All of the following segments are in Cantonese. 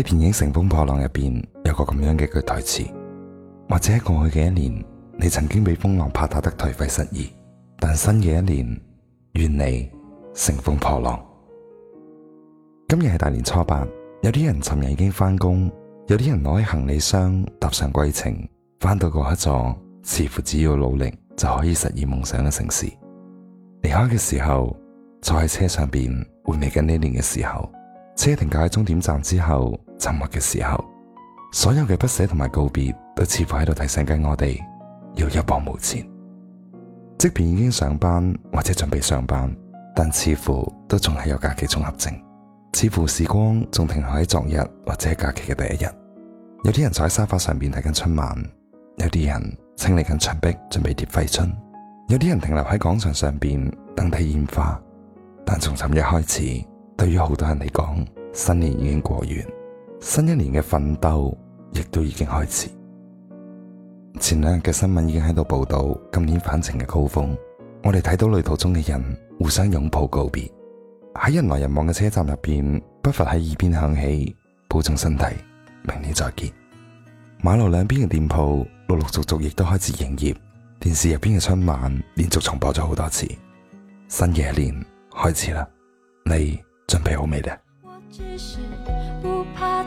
喺電影《乘風破浪》入邊有個咁樣嘅句台詞，或者喺過去嘅一年，你曾經被風浪拍打得頹廢失意，但新嘅一年，願你乘風破浪。今日係大年初八，有啲人尋日已經翻工，有啲人攞起行李箱踏上歸程，翻到嗰一座似乎只要努力就可以實現夢想嘅城市。離開嘅時候，坐喺車上邊回味緊呢一年嘅時候，車停靠喺終點站之後，沉默嘅時候，所有嘅不捨同埋告別，都似乎喺度提醒緊我哋要一往無前。即便已經上班或者準備上班，但似乎都仲係有假期綜合症，似乎時光仲停留喺昨日或者係假期嘅第一日。有啲人坐喺沙發上邊睇緊春晚，有啲人清理緊牆壁準備貼揮春，有啲人停留喺廣場上邊等睇煙花。但從尋日開始，對於好多人嚟講，新年已經過完。新一年嘅奮鬥亦都已經開始。前兩日嘅新聞已經喺度報道今年返程嘅高峰，我哋睇到旅途中嘅人互相擁抱告別，喺人來人往嘅車站入邊，不乏喺耳邊響起：保重身體，明年再見。馬路兩邊嘅店鋪陸陸續續亦都開始營業，電視入邊嘅春晚連續重播咗好多次，新嘅一年開始啦，你準備好未呢？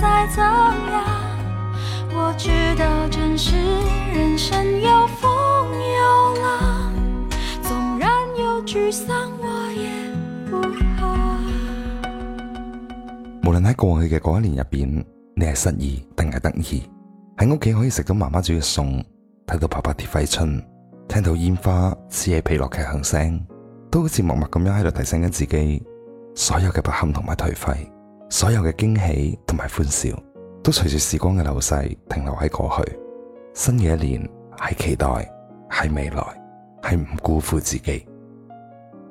再怎樣我無論喺過去嘅嗰一年入邊，你係失意定係得意，喺屋企可以食到媽媽煮嘅餸，睇到爸爸貼揮春，聽到煙花撕起皮落嘅響聲，都好似默默咁樣喺度提醒緊自己，所有嘅不堪同埋頹廢。所有嘅驚喜同埋歡笑，都隨住時光嘅流逝，停留喺過去。新嘅一年，係期待，係未來，係唔辜負自己。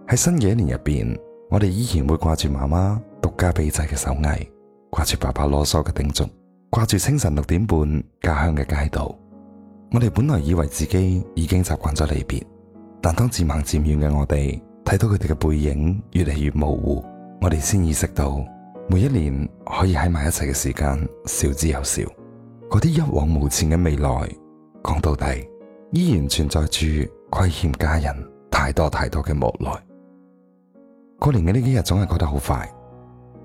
喺新嘅一年入邊，我哋依然會掛住媽媽獨家秘製嘅手藝，掛住爸爸囉嗦嘅叮囑，掛住清晨六點半家鄉嘅街道。我哋本來以為自己已經習慣咗離別，但當漸行漸遠嘅我哋睇到佢哋嘅背影越嚟越模糊，我哋先意識到。每一年可以喺埋一齊嘅時間少之又少，嗰啲一往無前嘅未來，講到底依然存在住虧欠家人太多太多嘅無奈。過年嘅呢幾日總係過得好快，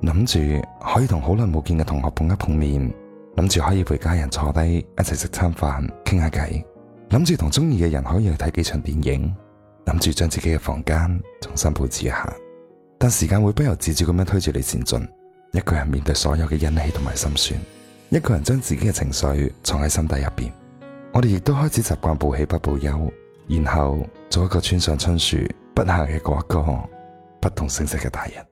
諗住可以同好耐冇見嘅同學碰一碰面，諗住可以陪家人坐低一齊食餐飯傾下偈，諗住同中意嘅人可以去睇幾場電影，諗住將自己嘅房間重新布置一下，但時間會不由自主咁樣推住你前進。一個人面對所有嘅欣喜同埋心酸，一個人將自己嘅情緒藏喺心底入邊，我哋亦都開始習慣報喜不報憂，然後做一個村上春樹，筆下嘅一個不動聲色嘅大人。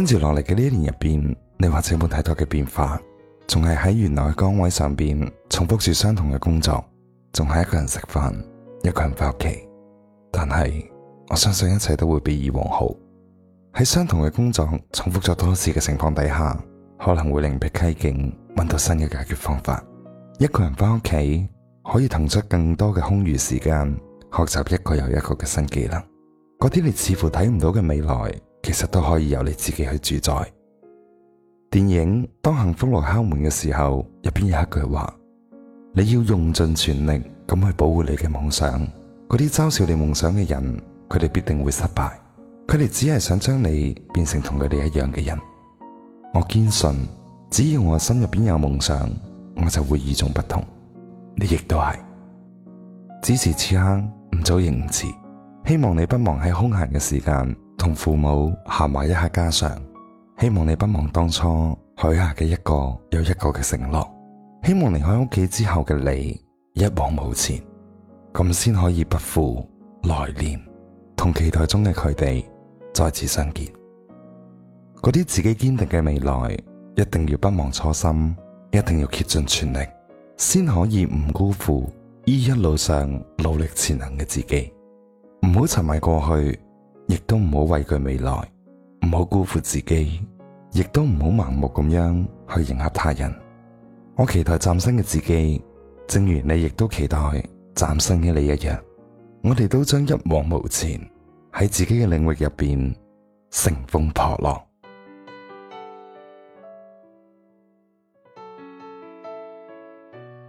跟住落嚟嘅呢一年入邊，你或者冇太多嘅變化，仲係喺原來嘅崗位上邊重複住相同嘅工作，仲係一個人食飯，一個人翻屋企。但係我相信一切都會比以往好。喺相同嘅工作重複咗多次嘅情況底下，可能會另辟蹊徑，搵到新嘅解決方法。一個人翻屋企可以騰出更多嘅空餘時間，學習一個又一個嘅新技能。嗰啲你似乎睇唔到嘅未來。其實都可以由你自己去主宰。電影《當幸福來敲門》嘅時候，入邊有一句話：你要用盡全力咁去保護你嘅夢想。嗰啲嘲笑你夢想嘅人，佢哋必定會失敗。佢哋只係想將你變成同佢哋一樣嘅人。我堅信，只要我心入邊有夢想，我就會與眾不同。你亦都係。此時此刻唔早亦唔遲，希望你不忘喺空閒嘅時間。同父母閒話一下家常，希望你不忘當初許下嘅一個又一個嘅承諾。希望離開屋企之後嘅你一往無前，咁先可以不負來年同期待中嘅佢哋再次相見。嗰啲自己堅定嘅未來，一定要不忘初心，一定要竭盡全力，先可以唔辜負依一路上努力前行嘅自己。唔好沉迷過去。亦都唔好畏懼未來，唔好辜負自己，亦都唔好盲目咁樣去迎合他人。我期待嶄新嘅自己，正如你亦都期待嶄新嘅你一樣。我哋都將一往無前喺自己嘅領域入邊乘風破浪。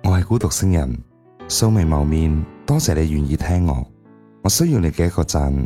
我係孤獨星人，素未謀面，多謝你願意聽我。我需要你嘅一個讚。